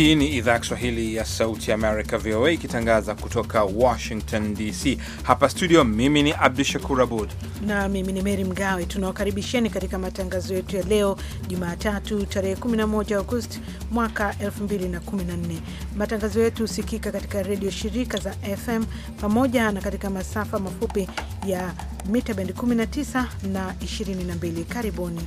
Hii ni idhaa ya Kiswahili ya Sauti ya Amerika, VOA, ikitangaza kutoka Washington DC. Hapa studio, mimi ni Abdu Shakur Abud na mimi ni Meri Mgawe. Tunawakaribisheni katika matangazo yetu ya leo Jumatatu, tarehe 11 Agosti mwaka 2014. Matangazo yetu husikika katika redio shirika za FM pamoja na katika masafa mafupi ya mita bendi 19 na 22. Karibuni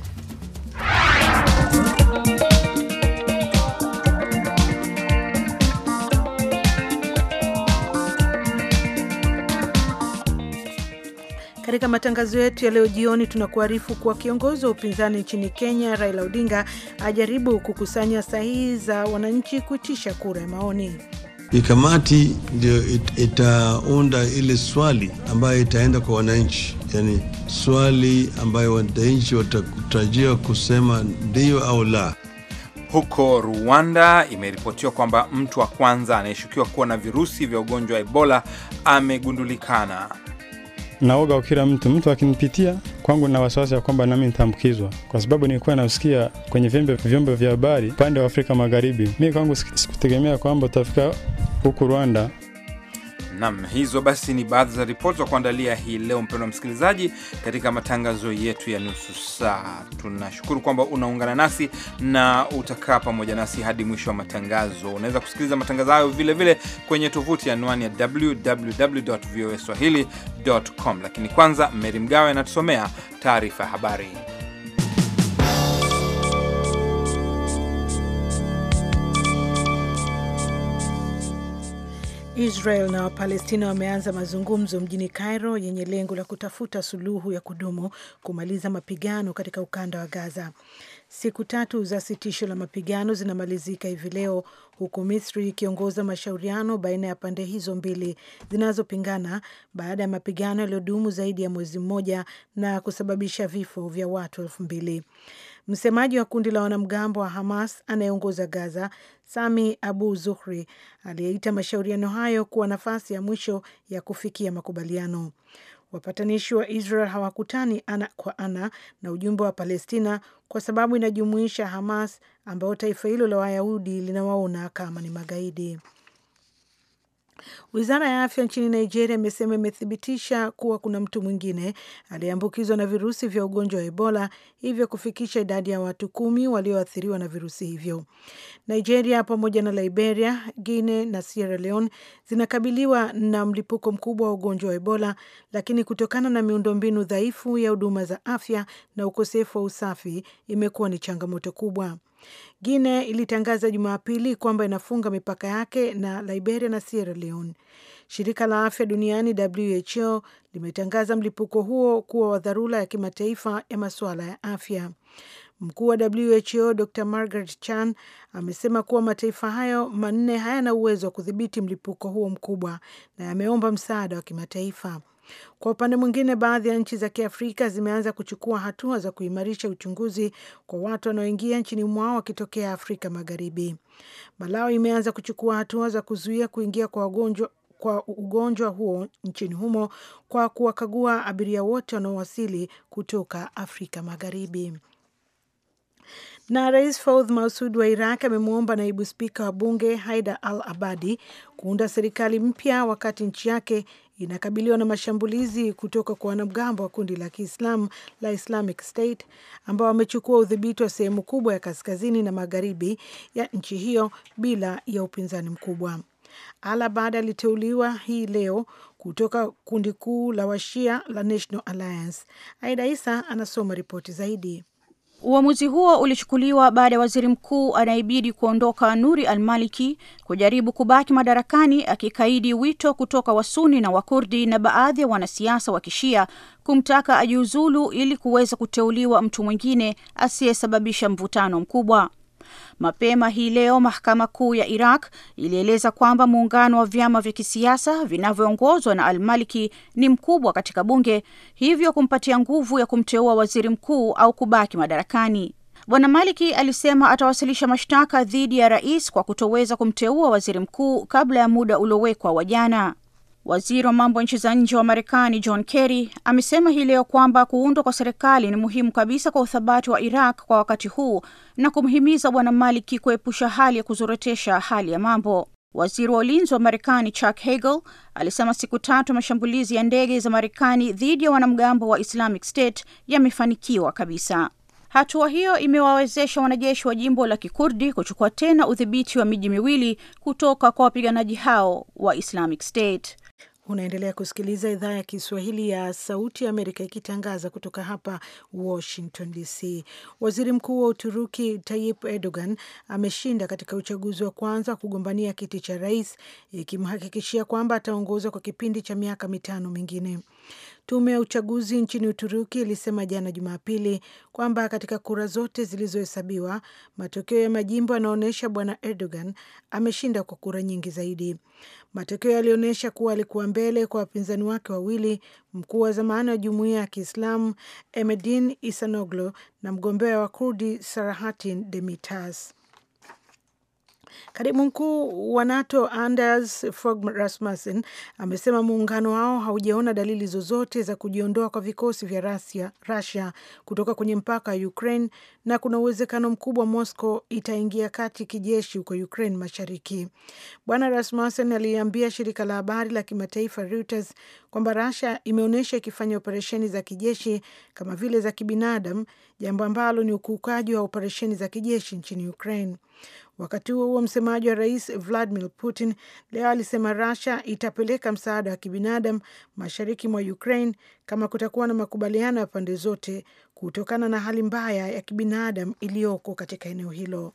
Katika matangazo yetu ya leo jioni, tunakuarifu kuwa kiongozi wa upinzani nchini Kenya Raila Odinga ajaribu kukusanya sahihi za wananchi kuitisha kura ya maoni. Hii kamati ndio it, itaunda ile swali ambayo itaenda kwa wananchi, yani swali ambayo wananchi watatarajiwa kusema ndiyo au la. Huko Rwanda imeripotiwa kwamba mtu wa kwanza anayeshukiwa kuwa na virusi vya ugonjwa wa Ebola amegundulikana naoga kila mtu mtu akinipitia kwangu na wasiwasi ya kwamba nami nitaambukizwa, kwa sababu nilikuwa nausikia kwenye vyombo vyombo vya habari upande wa Afrika Magharibi. Mi kwangu sikutegemea kwamba utafika huku Rwanda Nam, hizo basi ni baadhi za ripoti za kuandalia hii leo, mpendwa msikilizaji, katika matangazo yetu ya nusu saa. Tunashukuru kwamba unaungana nasi na utakaa pamoja nasi hadi mwisho wa matangazo. Unaweza kusikiliza matangazo hayo vilevile kwenye tovuti ya anwani ya www voa swahili com, lakini kwanza Meri Mgawe anatusomea taarifa ya habari. Israel na Wapalestina wameanza mazungumzo mjini Cairo yenye lengo la kutafuta suluhu ya kudumu kumaliza mapigano katika ukanda wa Gaza. Siku tatu za sitisho la mapigano zinamalizika hivi leo huku Misri ikiongoza mashauriano baina ya pande hizo mbili zinazopingana baada ya mapigano yaliyodumu zaidi ya mwezi mmoja na kusababisha vifo vya watu elfu mbili. Msemaji wa kundi la wanamgambo wa Hamas anayeongoza Gaza, Sami Abu Zuhri, aliyeita mashauriano hayo kuwa nafasi ya mwisho ya kufikia makubaliano. Wapatanishi wa Israel hawakutani ana kwa ana na ujumbe wa Palestina kwa sababu inajumuisha Hamas, ambayo taifa hilo la Wayahudi linawaona kama ni magaidi. Wizara ya afya nchini Nigeria imesema imethibitisha kuwa kuna mtu mwingine aliyeambukizwa na virusi vya ugonjwa wa Ebola, hivyo kufikisha idadi ya watu kumi walioathiriwa na virusi hivyo. Nigeria pamoja na Liberia, Guinea na Sierra Leone zinakabiliwa na mlipuko mkubwa wa ugonjwa wa Ebola, lakini kutokana na miundombinu dhaifu ya huduma za afya na ukosefu wa usafi imekuwa ni changamoto kubwa guine ilitangaza Jumapili kwamba inafunga mipaka yake na Liberia na Sierra Leone. Shirika la afya duniani WHO limetangaza mlipuko huo kuwa wa dharura ya kimataifa ya masuala ya afya. Mkuu wa WHO Dr Margaret Chan amesema kuwa mataifa hayo manne hayana uwezo wa kudhibiti mlipuko huo mkubwa na yameomba msaada wa kimataifa. Kwa upande mwingine, baadhi ya nchi za Kiafrika zimeanza kuchukua hatua za kuimarisha uchunguzi kwa watu wanaoingia nchini mwao wakitokea Afrika Magharibi. Malawi imeanza kuchukua hatua za kuzuia kuingia kwa wagonjwa kwa ugonjwa huo nchini humo kwa kuwakagua abiria wote wanaowasili kutoka Afrika Magharibi. Na Rais Faudh Mausud wa Iraq amemwomba naibu spika wa bunge haida al Abadi kuunda serikali mpya wakati nchi yake inakabiliwa na mashambulizi kutoka kwa wanamgambo wa kundi la Kiislamu la Islamic State ambao wamechukua udhibiti wa sehemu kubwa ya kaskazini na magharibi ya nchi hiyo bila ya upinzani mkubwa. ala abad aliteuliwa hii leo kutoka kundi kuu la Washia la National Alliance. Aida Isa anasoma ripoti zaidi. Uamuzi huo ulichukuliwa baada ya waziri mkuu anayebidi kuondoka Nuri al-Maliki kujaribu kubaki madarakani akikaidi wito kutoka Wasuni na Wakurdi na baadhi ya wanasiasa wa Kishia kumtaka ajiuzulu ili kuweza kuteuliwa mtu mwingine asiyesababisha mvutano mkubwa. Mapema hii leo mahakama kuu ya Iraq ilieleza kwamba muungano wa vyama vya kisiasa vinavyoongozwa na Al-Maliki ni mkubwa katika bunge, hivyo kumpatia nguvu ya kumteua waziri mkuu au kubaki madarakani. Bwana Maliki alisema atawasilisha mashtaka dhidi ya rais kwa kutoweza kumteua waziri mkuu kabla ya muda uliowekwa wa jana. Waziri wa mambo nchi za nje wa Marekani John Kerry amesema hii leo kwamba kuundwa kwa serikali ni muhimu kabisa kwa uthabati wa Iraq kwa wakati huu na kumhimiza Bwana Maliki kuepusha hali ya kuzorotesha hali ya mambo. Waziri wa ulinzi wa Marekani Chuck Hagel alisema siku tatu mashambulizi ya ndege za Marekani dhidi ya wanamgambo wa Islamic State yamefanikiwa kabisa. Hatua hiyo imewawezesha wanajeshi wa jimbo la kikurdi kuchukua tena udhibiti wa miji miwili kutoka kwa wapiganaji hao wa Islamic State. Unaendelea kusikiliza idhaa ya Kiswahili ya Sauti ya Amerika ikitangaza kutoka hapa Washington DC. Waziri Mkuu wa Uturuki Tayyip Erdogan ameshinda katika uchaguzi wa kwanza kugombania kiti cha rais, ikimhakikishia kwamba ataongoza kwa kipindi cha miaka mitano mingine. Tume ya uchaguzi nchini Uturuki ilisema jana Jumapili kwamba katika kura zote zilizohesabiwa, matokeo ya majimbo yanaonyesha bwana Erdogan ameshinda kwa kura nyingi zaidi. Matokeo yalionyesha kuwa alikuwa mbele kwa wapinzani wake wawili, mkuu wa zamani wa jumuiya ya Kiislamu Emedin isanoglo na mgombea wa Kurdi Sarahatin Demitas. Katibu mkuu wa NATO Anders Fogh Rasmussen amesema muungano wao haujaona dalili zozote za kujiondoa kwa vikosi vya Rusia kutoka kwenye mpaka wa Ukraine na kuna uwezekano mkubwa Moscow itaingia kati kijeshi huko Ukraine mashariki. Bwana Rasmussen aliambia shirika la habari la kimataifa Reuters kwamba rasia imeonyesha ikifanya operesheni za kijeshi kama vile za kibinadamu, jambo ambalo ni ukiukaji wa operesheni za kijeshi nchini Ukraine. Wakati huo huo, msemaji wa rais Vladimir Putin leo alisema Russia itapeleka msaada wa kibinadamu mashariki mwa Ukraine kama kutakuwa na makubaliano ya pande zote kutokana na hali mbaya ya kibinadamu iliyoko katika eneo hilo.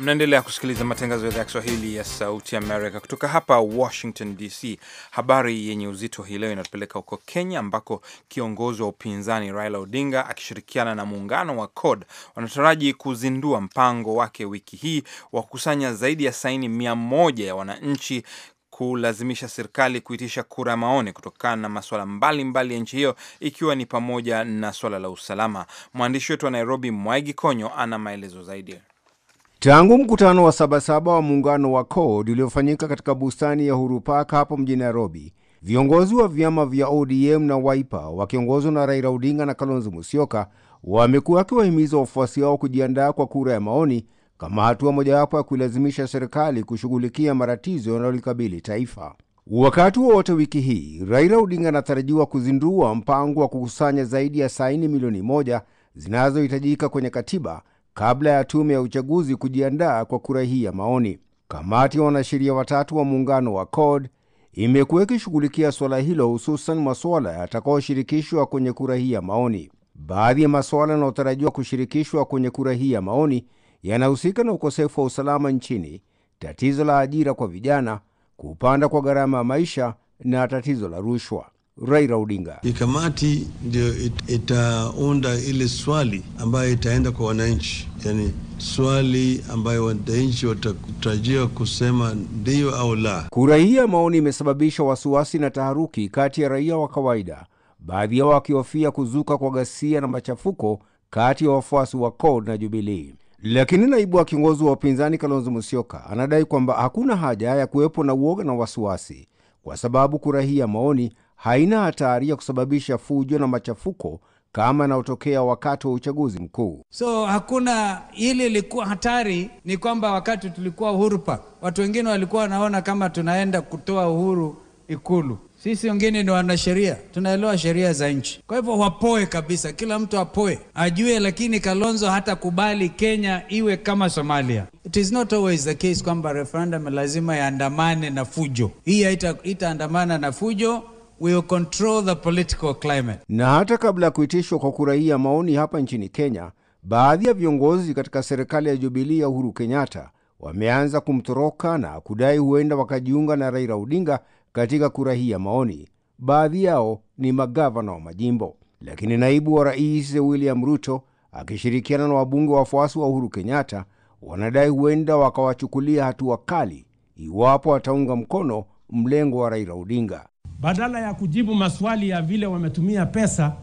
Mnaendelea kusikiliza matangazo ya idhaa ya Kiswahili ya Sauti Amerika kutoka hapa Washington DC. Habari yenye uzito hii leo inatupeleka huko Kenya, ambako kiongozi wa upinzani Raila Odinga akishirikiana na muungano wa CORD wanataraji kuzindua mpango wake wiki hii wa kukusanya zaidi ya saini mia moja ya wananchi kulazimisha serikali kuitisha kura ya maoni kutokana na masuala mbalimbali ya nchi hiyo ikiwa ni pamoja na swala la usalama. Mwandishi wetu wa Nairobi, Mwaigi Konyo, ana maelezo zaidi. Tangu mkutano wa Sabasaba wa muungano wa CORD uliofanyika katika bustani ya Uhuru Park hapo mjini Nairobi, viongozi wa vyama vya ODM na Wiper wakiongozwa na Raila Odinga na Kalonzo Musyoka wamekuwa wakiwahimiza wafuasi wao kujiandaa kwa kura ya maoni kama hatua mojawapo ya kuilazimisha serikali kushughulikia matatizo yanayolikabili taifa. Wakati wowote wiki hii, Raila Odinga anatarajiwa kuzindua mpango wa kukusanya zaidi ya saini milioni moja zinazohitajika kwenye katiba kabla ya tume ya uchaguzi kujiandaa kwa kura hii ya maoni. Kamati ya wanasheria watatu wa muungano wa CORD imekuwa ikishughulikia suala hilo, hususan masuala yatakayoshirikishwa kwenye kura hii ya maoni. Baadhi ya masuala yanayotarajiwa kushirikishwa kwenye kura hii ya maoni yanahusika na ukosefu wa usalama nchini, tatizo la ajira kwa vijana, kupanda kwa gharama ya maisha na tatizo la rushwa. Raila Odinga. Hii kamati ndio itaunda ile swali ambayo itaenda kwa wananchi, yani swali ambayo wananchi watatarajia kusema ndiyo au la. Kura hii ya maoni imesababisha wasiwasi na taharuki kati ya raia wa kawaida, baadhi yao wakihofia kuzuka kwa ghasia na machafuko kati ya wafuasi wa CORD na Jubilee. Lakini naibu wa kiongozi wa upinzani Kalonzo Musyoka anadai kwamba hakuna haja ya kuwepo na uoga na wasiwasi, kwa sababu kura hii ya maoni haina hatari ya kusababisha fujo na machafuko kama inayotokea wakati wa uchaguzi mkuu. So hakuna ili ilikuwa hatari, ni kwamba wakati tulikuwa uhuru park, watu wengine walikuwa wanaona kama tunaenda kutoa uhuru Ikulu. Sisi wengine ni wanasheria, tunaelewa sheria za nchi. Kwa hivyo wapoe kabisa, kila mtu apoe ajue, lakini Kalonzo kubali Kenya iwe kama Somalia. It is not always the case kwamba referendum lazima yaandamane na fujo. Hii itaandamana na fujo We will control the political climate. Na hata kabla ya kuitishwa kwa kura hii ya maoni hapa nchini Kenya, baadhi ya viongozi katika serikali ya Jubilii ya Uhuru Kenyatta wameanza kumtoroka na kudai huenda wakajiunga na Raila Odinga katika kura hii ya maoni. Baadhi yao ni magavana wa majimbo, lakini naibu wa rais William Ruto akishirikiana na wabunge wafuasi wa Uhuru Kenyatta wanadai huenda wakawachukulia hatua kali iwapo wataunga mkono mlengo wa Raila Odinga. Badala ya kujibu maswali ya vile wametumia pesa,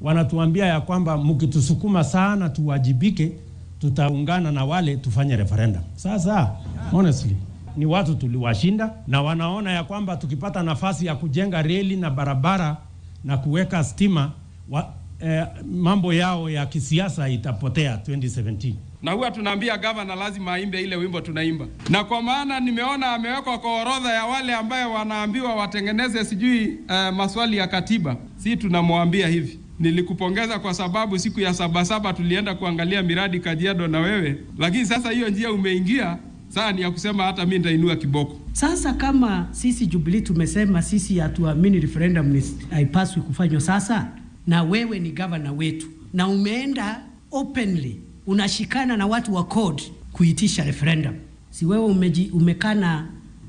wanatuambia ya kwamba mkitusukuma sana tuwajibike, tutaungana na wale tufanye referendum. Sasa honestly ni watu tuliwashinda, na wanaona ya kwamba tukipata nafasi ya kujenga reli na barabara na kuweka stima wa, eh, mambo yao ya kisiasa itapotea 2017 na huwa tunaambia gavana lazima aimbe ile wimbo tunaimba, na kwa maana nimeona amewekwa kwa orodha ya wale ambayo wanaambiwa watengeneze sijui uh, maswali ya katiba. Si tunamwambia hivi, nilikupongeza kwa sababu siku ya sabasaba tulienda kuangalia miradi Kajiado na wewe, lakini sasa hiyo njia umeingia sasa ni ya kusema hata mi nitainua kiboko sasa. Kama sisi Jubilee tumesema sisi hatuamini referendum haipaswi kufanywa sasa, na wewe ni gavana wetu na umeenda openly unashikana na watu wa CORD kuitisha referendum. Si wewe umeji, umekaa na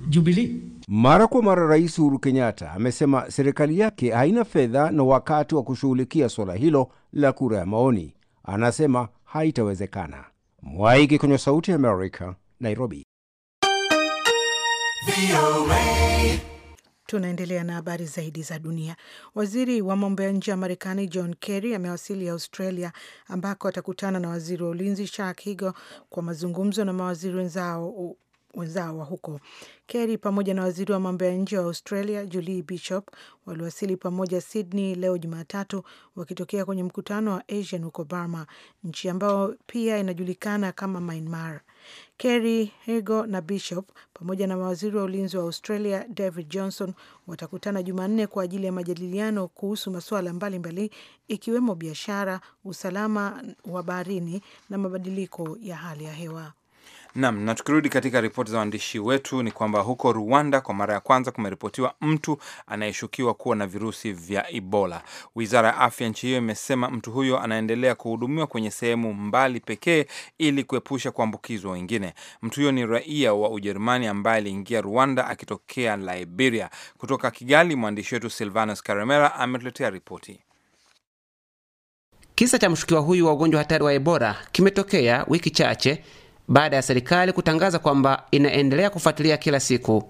Jubilee. Mara kwa mara Rais Uhuru Kenyatta amesema serikali yake haina fedha na wakati wa kushughulikia suala hilo la kura ya maoni. Anasema haitawezekana. Mwaiki kwenye Sauti ya Amerika, Nairobi. Tunaendelea na habari zaidi za dunia. Waziri wa mambo ya nje ya Marekani John Kerry amewasili Australia ambako atakutana na waziri wa ulinzi Shark Higo kwa mazungumzo na mawaziri wenzao wenzao wa huko. Kerry pamoja na waziri wa mambo ya nje wa Australia Julie Bishop waliwasili pamoja Sydney leo Jumatatu, wakitokea kwenye mkutano wa ASEAN huko Burma, nchi ambayo pia inajulikana kama Myanmar. Kerry, Higo na Bishop pamoja na mawaziri wa ulinzi wa Australia David Johnson watakutana Jumanne kwa ajili ya majadiliano kuhusu masuala mbalimbali ikiwemo biashara, usalama wa baharini na mabadiliko ya hali ya hewa. Naam, na tukirudi katika ripoti za waandishi wetu ni kwamba huko Rwanda kwa mara ya kwanza kumeripotiwa mtu anayeshukiwa kuwa na virusi vya Ebola. Wizara ya afya nchi hiyo imesema mtu huyo anaendelea kuhudumiwa kwenye sehemu mbali pekee ili kuepusha kuambukizwa wengine. Mtu huyo ni raia wa Ujerumani ambaye aliingia Rwanda akitokea Liberia. Kutoka Kigali, mwandishi wetu Silvanus Karemera ametuletea ripoti. Kisa cha mshukiwa huyu wa ugonjwa hatari wa Ebola kimetokea wiki chache baada ya serikali kutangaza kwamba inaendelea kufuatilia kila siku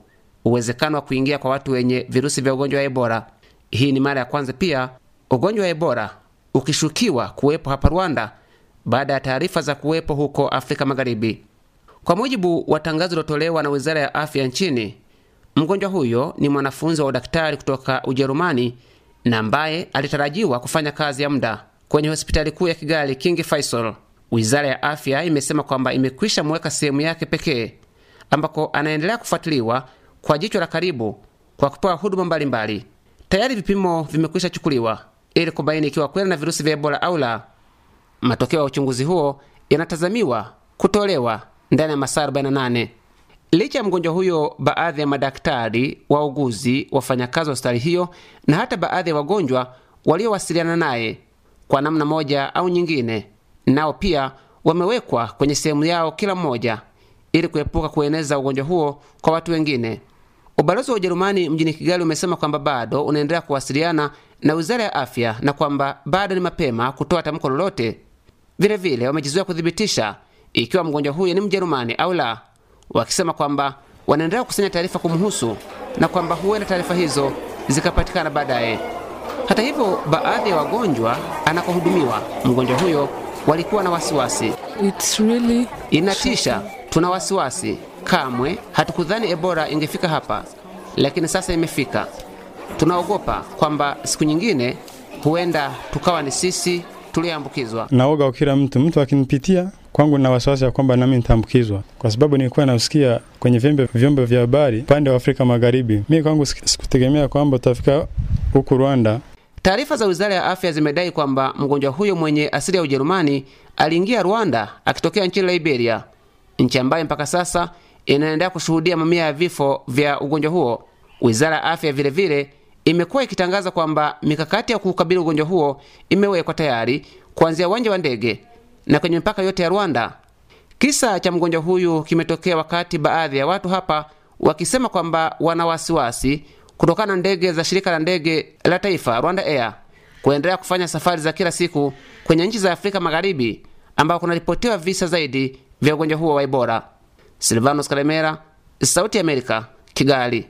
uwezekano wa kuingia kwa watu wenye virusi vya ugonjwa wa Ebola. Hii ni mara ya kwanza pia ugonjwa wa Ebola ukishukiwa kuwepo hapa Rwanda baada ya taarifa za kuwepo huko Afrika Magharibi. Kwa mujibu wa tangazo lilotolewa na Wizara ya Afya nchini, mgonjwa huyo ni mwanafunzi wa udaktari kutoka Ujerumani na ambaye alitarajiwa kufanya kazi ya muda kwenye hospitali kuu ya Kigali King Faisal. Wizara ya afya imesema kwamba imekwisha muweka sehemu yake pekee ambako anaendelea kufuatiliwa kwa jicho la karibu kwa kupewa huduma mbalimbali. Tayari vipimo vimekwisha chukuliwa ili kubaini ikiwa kweli na virusi vya Ebola au la. Matokeo ya uchunguzi huo yanatazamiwa kutolewa ndani ya masaa 48. Licha ya mgonjwa huyo, baadhi ya madaktari, wauguzi, wafanyakazi wa hospitali hiyo na hata baadhi ya wagonjwa waliowasiliana naye kwa namna moja au nyingine nao pia wamewekwa kwenye sehemu yao kila mmoja ili kuepuka kueneza ugonjwa huo kwa watu wengine. Ubalozi wa Ujerumani mjini Kigali umesema kwamba bado unaendelea kuwasiliana na wizara ya afya na kwamba bado ni mapema kutoa tamko lolote. Vilevile wamejizuia kuthibitisha ikiwa mgonjwa huyo ni Mjerumani au la, wakisema kwamba wanaendelea kukusanya taarifa kumhusu na kwamba huenda taarifa hizo zikapatikana baadaye. Hata hivyo, baadhi ya wagonjwa anakohudumiwa mgonjwa huyo walikuwa na wasiwasi. It's really... Inatisha, tuna wasiwasi. Kamwe hatukudhani ebora ingefika hapa, lakini sasa imefika. Tunaogopa kwamba siku nyingine huenda tukawa ni sisi tuliambukizwa. Naoga kila mtu, mtu akinipitia kwangu na wasiwasi ya kwamba nami nitaambukizwa, kwa sababu nilikuwa nausikia kwenye vyombo vyombo vya habari upande wa Afrika Magharibi. Mimi kwangu sikutegemea kwamba tutafika huku Rwanda. Taarifa za Wizara ya Afya zimedai kwamba mgonjwa huyo mwenye asili ya Ujerumani aliingia Rwanda akitokea nchini Liberia, nchi ambayo mpaka sasa inaendelea kushuhudia mamia ya vifo vya ugonjwa huo. Wizara ya Afya vilevile imekuwa ikitangaza kwamba mikakati ya kuukabili ugonjwa huo imewekwa tayari kuanzia uwanja wa ndege na kwenye mipaka yote ya Rwanda. Kisa cha mgonjwa huyu kimetokea wakati baadhi ya watu hapa wakisema kwamba wana wasiwasi kutokana na ndege za shirika la ndege la taifa Rwanda Air kuendelea kufanya safari za kila siku kwenye nchi za Afrika Magharibi ambao kunaripotiwa visa zaidi vya ugonjwa huo wa Ebola. Silvanos Karemera, Sauti ya Amerika, Kigali.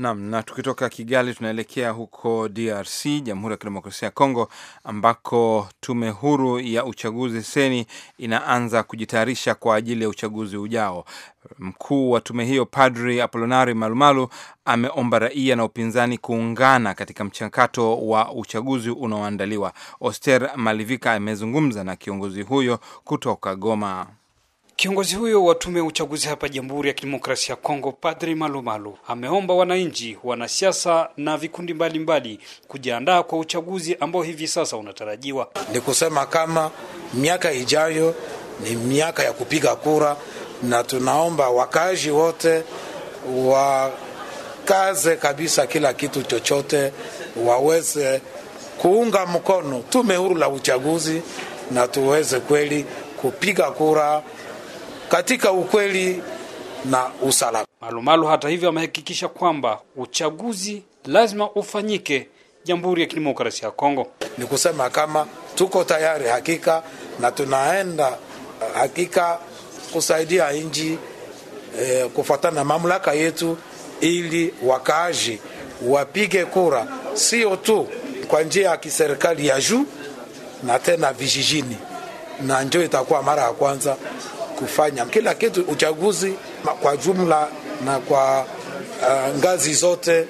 Nam, na tukitoka Kigali tunaelekea huko DRC, Jamhuri ya Kidemokrasia ya Kongo, ambako tume huru ya uchaguzi seni inaanza kujitayarisha kwa ajili ya uchaguzi ujao. Mkuu wa tume hiyo Padri Apolonari Malumalu ameomba raia na upinzani kuungana katika mchakato wa uchaguzi unaoandaliwa. Oster Malivika amezungumza na kiongozi huyo kutoka Goma. Kiongozi huyo wa tume ya uchaguzi hapa Jamhuri ya Kidemokrasia ya Kongo, Padri Malumalu, ameomba wananchi, wanasiasa na vikundi mbalimbali kujiandaa kwa uchaguzi ambao hivi sasa unatarajiwa. Ni kusema kama miaka ijayo ni miaka ya kupiga kura, na tunaomba wakazi wote wakaze kabisa kila kitu chochote waweze kuunga mkono tume huru la uchaguzi na tuweze kweli kupiga kura katika ukweli na usalama. Malumalu hata hivyo amehakikisha kwamba uchaguzi lazima ufanyike Jamhuri ya Kidemokrasia ya Kongo. Ni kusema kama tuko tayari hakika na tunaenda eh, hakika kusaidia nchi e, kufuatana na mamlaka yetu ili wakaaji wapige kura sio tu kwa njia ya kiserikali ya juu na tena vijijini, na ndio itakuwa mara ya kwanza kufanya kila kitu uchaguzi kwa jumla na kwa uh, ngazi zote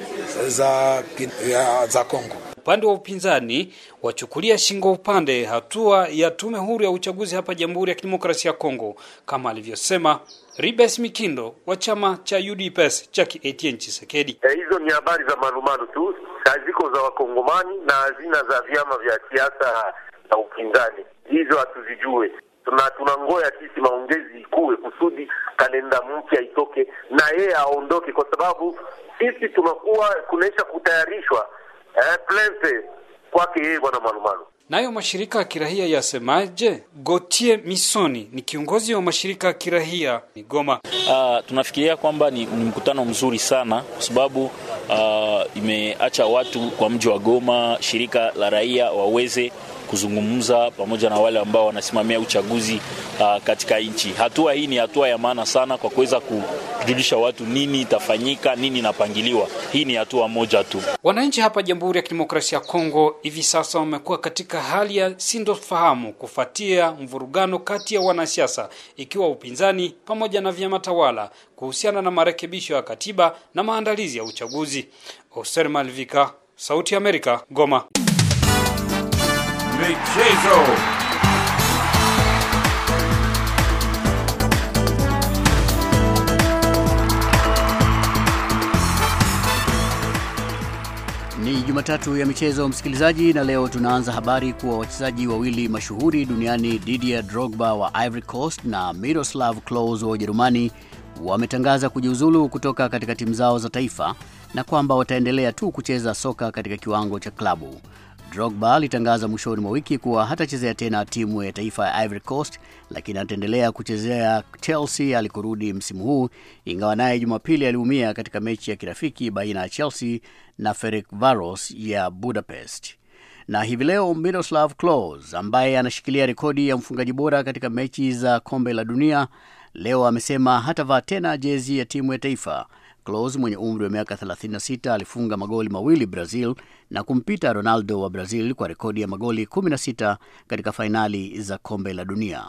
za, ya, za Kongo. Upande wa upinzani wachukulia shingo upande hatua ya tume huru ya uchaguzi hapa Jamhuri ya Kidemokrasia ya Kongo, kama alivyosema Ribes Mikindo wa chama cha UDPS cha Etienne Chisekedi. E, eh, hizo ni habari za malumalu tu, haziko za Wakongomani na hazina za vyama vya siasa na upinzani, hizo hatuzijue na tunangoya sisi maongezi ikuwe kusudi kalenda mpya itoke na yeye aondoke, kwa sababu sisi tunakuwa kunaisha kutayarishwa eh, plente kwake yeye bwana Malumalu. Nayo mashirika ya kirahia yasemaje? gotie Misoni ni kiongozi wa mashirika ya kirahia ni Goma. Uh, tunafikiria kwamba ni, ni mkutano mzuri sana kwa sababu uh, imeacha watu kwa mji wa Goma, shirika la raia waweze kuzungumza pamoja na wale ambao wanasimamia uchaguzi uh, katika nchi. Hatua hii ni hatua ya maana sana kwa kuweza kujulisha watu nini itafanyika, nini inapangiliwa. Hii ni hatua moja tu. Wananchi hapa Jamhuri ya Kidemokrasia ya Kongo hivi sasa wamekuwa katika hali ya sintofahamu kufuatia mvurugano kati ya wanasiasa, ikiwa upinzani pamoja na vyama tawala kuhusiana na marekebisho ya katiba na maandalizi ya uchaguzi. Oser Malvika, Sauti ya Amerika, Goma. Michezo. Ni Jumatatu ya michezo msikilizaji, na leo tunaanza habari kuwa wachezaji wawili mashuhuri duniani Didier Drogba wa Ivory Coast na Miroslav Klose wa Ujerumani wametangaza kujiuzulu kutoka katika timu zao za taifa na kwamba wataendelea tu kucheza soka katika kiwango cha klabu. Drogba alitangaza mwishoni mwa wiki kuwa hatachezea tena timu ya taifa ya Ivory Coast, lakini ataendelea kuchezea Chelsea alikorudi msimu huu, ingawa naye Jumapili aliumia katika mechi ya kirafiki baina ya Chelsea na Ferencvaros ya Budapest. Na hivi leo Miroslav Klose ambaye anashikilia rekodi ya mfungaji bora katika mechi za kombe la dunia leo amesema hatavaa tena jezi ya timu ya taifa Klose mwenye umri wa miaka 36 alifunga magoli mawili Brazil na kumpita Ronaldo wa Brazil kwa rekodi ya magoli 16 katika fainali za kombe la dunia.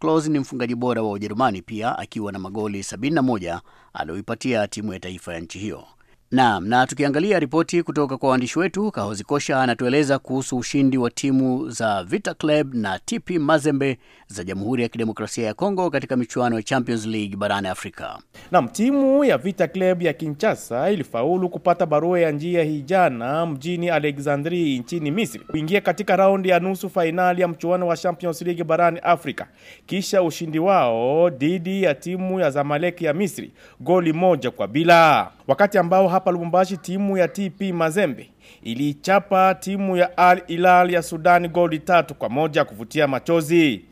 claus ni mfungaji bora wa Ujerumani pia akiwa na magoli 71 aliyoipatia timu ya taifa ya nchi hiyo. Naam, na tukiangalia ripoti kutoka kwa waandishi wetu, Kahozi Kosha anatueleza kuhusu ushindi wa timu za Vita Club na TP Mazembe za Jamhuri ya Kidemokrasia ya Kongo katika michuano ya Champions League barani Afrika. Naam, timu ya Vita Club ya Kinshasa ilifaulu kupata barua ya njia hii jana mjini Alexandria nchini Misri kuingia katika raundi ya nusu fainali ya mchuano wa Champions League barani Afrika kisha ushindi wao dhidi ya timu ya Zamalek ya Misri goli moja kwa bila wakati ambao hapa Lubumbashi timu ya TP Mazembe iliichapa timu ya Al Hilal ya Sudani goli tatu kwa moja kuvutia machozi.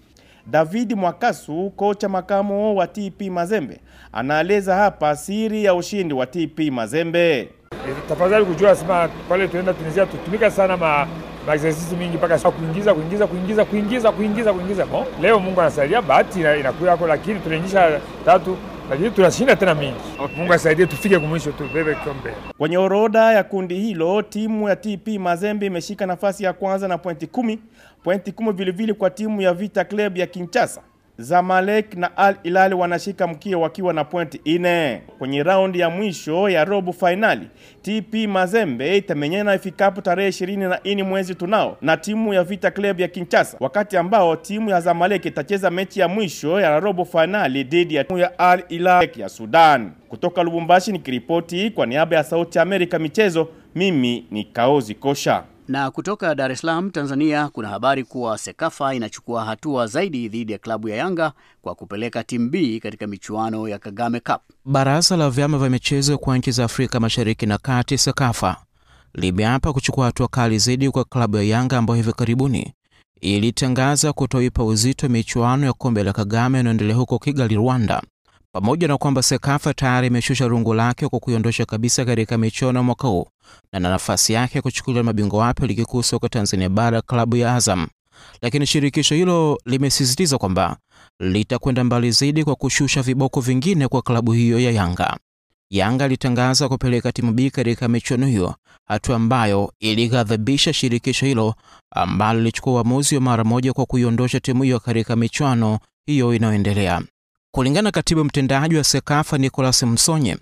David Mwakasu, kocha makamo wa TP Mazembe, anaeleza hapa siri ya ushindi wa TP Mazembe. Eh, tafadhali kujua sema pale tunaenda Tunisia tutumika sana ma maexercise mingi mpaka kuingiza kuingiza kuingiza kuingiza kuingiza kuingiza bon. Leo Mungu anasaidia, bahati inakuwa yako, lakini tulionyesha tatu lakini tunashinda tena mingi. Mungu asaidie tufike kumwisho, tubebe kikombe. Kwenye orodha ya kundi hilo timu ya TP Mazembe imeshika nafasi ya kwanza na pointi kumi, pointi kumi vilevile kwa timu ya Vita Club ya Kinshasa. Zamalek na Al Hilal wanashika mkia wakiwa na pointi ine. Kwenye raundi ya mwisho ya robo fainali, TP Mazembe itamenyana ifikapo tarehe ishirini na ini mwezi tunao na timu ya Vita Club ya Kinshasa, wakati ambao timu ya Zamalek itacheza mechi ya mwisho ya robo fainali dhidi ya timu ya Al Hilal ya Sudan. Kutoka Lubumbashi nikiripoti kwa niaba ya Sauti ya Amerika michezo, mimi ni Kaozi Kosha. Na kutoka Dar es Salaam, Tanzania, kuna habari kuwa Sekafa inachukua hatua zaidi dhidi ya klabu ya Yanga kwa kupeleka timu B katika michuano ya Kagame Cup. Baraza la vyama vya michezo kwa nchi za Afrika Mashariki na Kati, Sekafa, limeapa kuchukua hatua kali zaidi kwa klabu ya Yanga ambayo hivi karibuni ilitangaza kutoipa uzito michuano ya kombe la Kagame inayoendelea huko Kigali, Rwanda, pamoja na kwamba Sekafa tayari imeshusha rungu lake kwa kuiondosha kabisa katika michuano mwaka huu na na nafasi yake kuchukuliwa na mabingwa wapya ligi kuu soka Tanzania Bara, klabu ya Azam, lakini shirikisho hilo limesisitiza kwamba litakwenda mbali zaidi kwa kushusha viboko vingine kwa klabu hiyo ya Yanga. Yanga ilitangaza kupeleka timu B katika michuano hiyo, hatua ambayo ilighadhabisha shirikisho hilo ambalo lilichukua uamuzi wa mara moja kwa kuiondosha timu hiyo katika michuano hiyo inayoendelea. Kulingana na katibu mtendaji wa SEKAFA nicolas Msonye,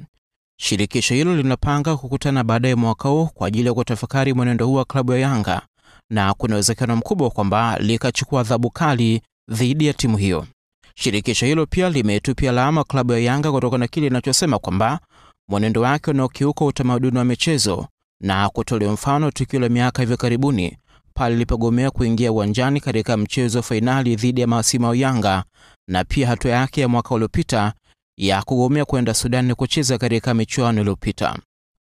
shirikisho hilo linapanga kukutana baadaye mwaka huu kwa ajili ya kutafakari mwenendo huu wa klabu ya Yanga na kuna uwezekano mkubwa kwamba likachukua adhabu kali dhidi ya timu hiyo. Shirikisho hilo pia limetupia lawama klabu ya Yanga kutokana na kile inachosema kwamba mwenendo wake unaokiuka utamaduni wa michezo na kutolea mfano tukio la miaka hivi karibuni pale lilipogomea kuingia uwanjani katika mchezo wa fainali dhidi ya maasimu Yanga na pia hatua yake ya mwaka uliopita ya kugomea kwenda Sudani kucheza katika michuano iliyopita.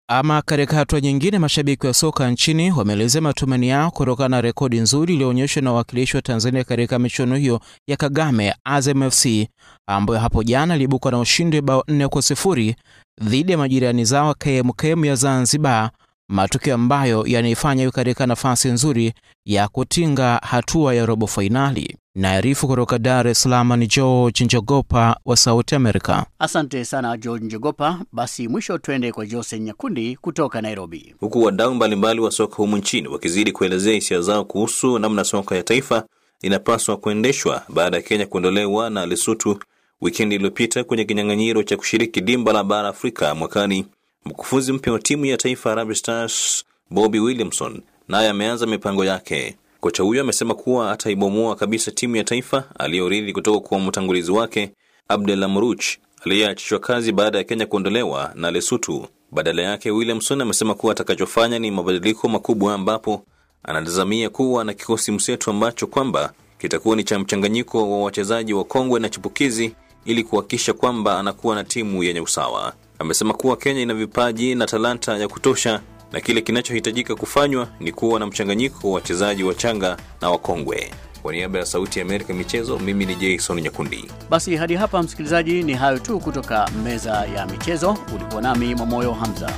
Ama katika hatua nyingine, mashabiki wa soka nchini wameelezea matumaini yao kutokana na rekodi nzuri iliyoonyeshwa na wawakilishi wa Tanzania katika michuano hiyo ya Kagame, Azam FC ambayo hapo jana iliibuka na ushindi bao 4 kwa sifuri dhidi ya majirani zao KMKM ya Zanzibar, matukio ambayo yanaifanya iwe katika nafasi nzuri ya kutinga hatua ya robo fainali. Naarifu kutoka Dar es Salaam ni George Njogopa wa Sauti Amerika. Asante sana George Njogopa. Basi mwisho twende kwa Jose Nyakundi kutoka Nairobi. Huku wadau mbalimbali wa soka humu nchini wakizidi kuelezea hisia zao kuhusu namna soka ya taifa inapaswa kuendeshwa baada ya Kenya kuondolewa na Lesutu wikendi iliyopita kwenye kinyang'anyiro cha kushiriki dimba la bara Afrika mwakani. Mkufunzi mpya wa timu ya taifa Harambee Stars Bobby Williamson naye ameanza mipango yake Kocha huyo amesema kuwa ataibomoa kabisa timu ya taifa aliyorithi kutoka kwa mtangulizi wake Abdel Amruch aliyeachishwa kazi baada ya Kenya kuondolewa na lesutu Badala yake, Williamson amesema kuwa atakachofanya ni mabadiliko makubwa, ambapo anatazamia kuwa na kikosi mseto ambacho kwamba kitakuwa ni cha mchanganyiko wa wachezaji wa kongwe na chipukizi ili kuhakikisha kwamba anakuwa na timu yenye usawa. Amesema kuwa Kenya ina vipaji na talanta ya kutosha na kile kinachohitajika kufanywa ni kuwa na mchanganyiko wa wachezaji wa changa na wakongwe kwa niaba ya sauti ya amerika michezo mimi ni jason nyakundi basi hadi hapa msikilizaji ni hayo tu kutoka meza ya michezo ulikuwa nami mamoyo hamza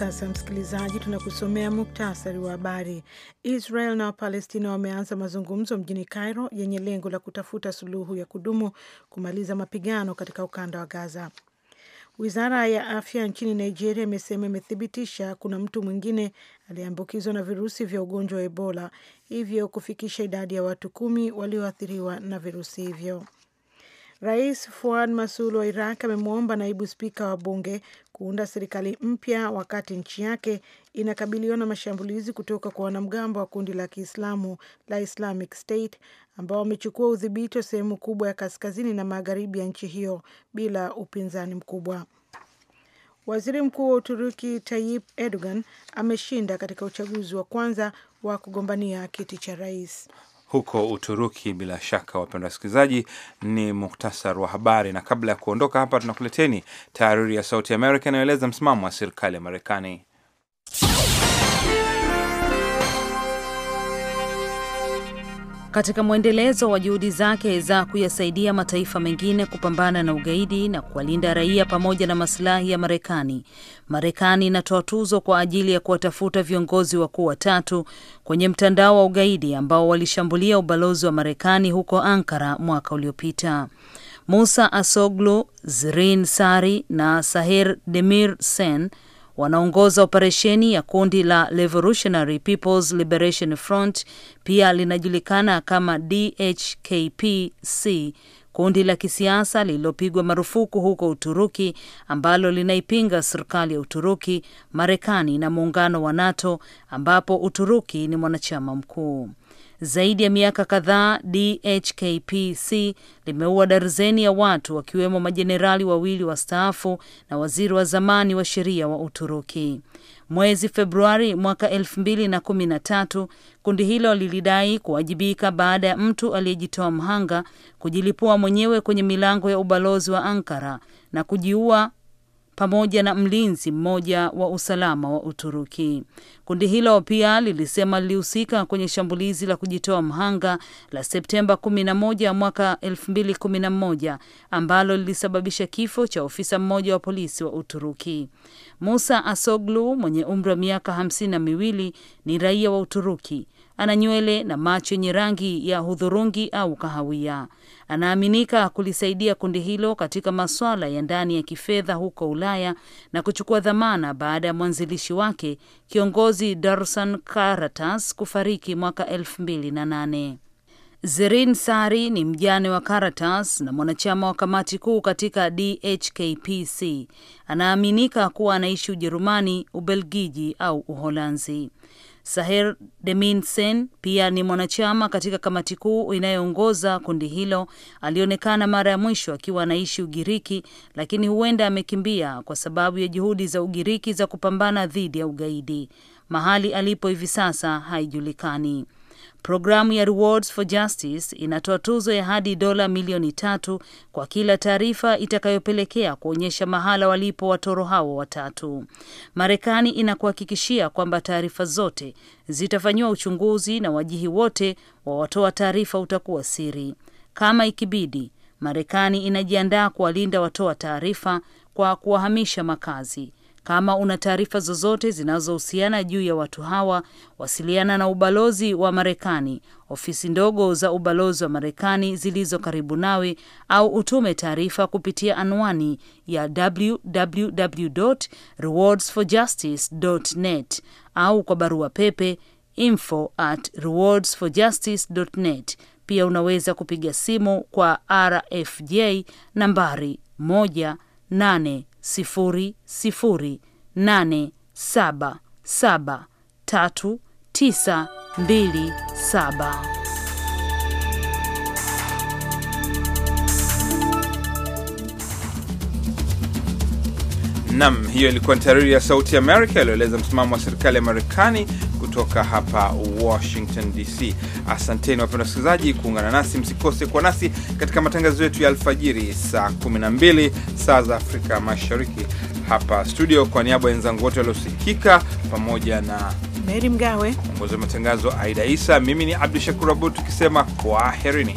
sasa, msikilizaji, tunakusomea muktasari wa habari. Israel na Wapalestina wameanza mazungumzo mjini Cairo yenye lengo la kutafuta suluhu ya kudumu kumaliza mapigano katika ukanda wa Gaza. Wizara ya afya nchini Nigeria imesema imethibitisha kuna mtu mwingine aliyeambukizwa na virusi vya ugonjwa wa Ebola, hivyo kufikisha idadi ya watu kumi walioathiriwa na virusi hivyo. Rais Fuad Masul wa Iraq amemwomba naibu spika wa bunge kuunda serikali mpya wakati nchi yake inakabiliwa na mashambulizi kutoka kwa wanamgambo wa kundi la Kiislamu la Islamic State ambao wamechukua udhibiti wa sehemu kubwa ya kaskazini na magharibi ya nchi hiyo bila upinzani mkubwa. Waziri Mkuu wa Uturuki Tayyip Erdogan ameshinda katika uchaguzi wa kwanza wa kugombania kiti cha rais huko Uturuki. Bila shaka, wapendwa wasikilizaji, ni muktasar wa habari, na kabla ya kuondoka hapa, tunakuleteni taarifa ya Sauti Amerika inayoeleza msimamo wa serikali ya Marekani. katika mwendelezo wa juhudi zake za kuyasaidia mataifa mengine kupambana na ugaidi na kuwalinda raia pamoja na masilahi ya Marekani. Marekani inatoa tuzo kwa ajili ya kuwatafuta viongozi wakuu watatu kwenye mtandao wa ugaidi ambao walishambulia ubalozi wa Marekani huko Ankara mwaka uliopita. Musa Asoglu, zrin Sari na Saher Demir Sen wanaongoza operesheni ya kundi la Revolutionary People's Liberation Front, pia linajulikana kama DHKPC, kundi la kisiasa lililopigwa marufuku huko Uturuki ambalo linaipinga serikali ya Uturuki, Marekani na muungano wa NATO ambapo Uturuki ni mwanachama mkuu. Zaidi ya miaka kadhaa, DHKPC limeua darzeni ya watu wakiwemo majenerali wawili wastaafu na waziri wa zamani wa sheria wa Uturuki. Mwezi Februari mwaka elfu mbili na kumi na tatu kundi hilo lilidai kuwajibika baada ya mtu aliyejitoa mhanga kujilipua mwenyewe kwenye milango ya ubalozi wa Ankara na kujiua pamoja na mlinzi mmoja wa usalama wa Uturuki. Kundi hilo pia lilisema lilihusika kwenye shambulizi la kujitoa mhanga la Septemba 11 mwaka 2011 ambalo lilisababisha kifo cha ofisa mmoja wa polisi wa Uturuki. Musa Asoglu mwenye umri wa miaka hamsini na miwili ni raia wa Uturuki ana nywele na macho yenye rangi ya hudhurungi au kahawia. Anaaminika kulisaidia kundi hilo katika masuala ya ndani ya kifedha huko Ulaya na kuchukua dhamana baada ya mwanzilishi wake kiongozi darsan Karatas kufariki mwaka elfu mbili na nane. Zerin Sari ni mjane wa Karatas na mwanachama wa kamati kuu katika DHKPC. Anaaminika kuwa anaishi Ujerumani, Ubelgiji au Uholanzi. Demin Deminsen pia ni mwanachama katika kamati kuu inayoongoza kundi hilo. Alionekana mara ya mwisho akiwa anaishi Ugiriki, lakini huenda amekimbia kwa sababu ya juhudi za Ugiriki za kupambana dhidi ya ugaidi. Mahali alipo hivi sasa haijulikani. Programu ya Rewards for Justice inatoa tuzo ya hadi dola milioni tatu kwa kila taarifa itakayopelekea kuonyesha mahala walipo watoro hao watatu. Marekani inakuhakikishia kwamba taarifa zote zitafanyiwa uchunguzi na wajihi wote wa watoa taarifa utakuwa siri. Kama ikibidi, Marekani inajiandaa kuwalinda watoa taarifa kwa kuwahamisha makazi kama una taarifa zozote zinazohusiana juu ya watu hawa, wasiliana na ubalozi wa Marekani, ofisi ndogo za ubalozi wa Marekani zilizo karibu nawe, au utume taarifa kupitia anwani ya www au kwa barua pepe info at rewardsforjustice.net. Pia unaweza kupiga simu kwa RFJ nambari 18 sifuri sifuri nane saba saba tatu tisa mbili saba. Nam, hiyo ilikuwa ni tahariri ya Sauti Amerika iliyoeleza msimamo wa serikali ya Marekani kutoka hapa Washington DC. Asanteni wapenda wasikilizaji kuungana nasi, msikose kuwa nasi katika matangazo yetu ya alfajiri saa 12 saa za Afrika Mashariki hapa studio. Kwa niaba ya wenzangu wote waliosikika pamoja na Meri Mgawe, mwongozi wa matangazo Aida Isa, mimi ni Abdu Shakur Abud tukisema kwaherini.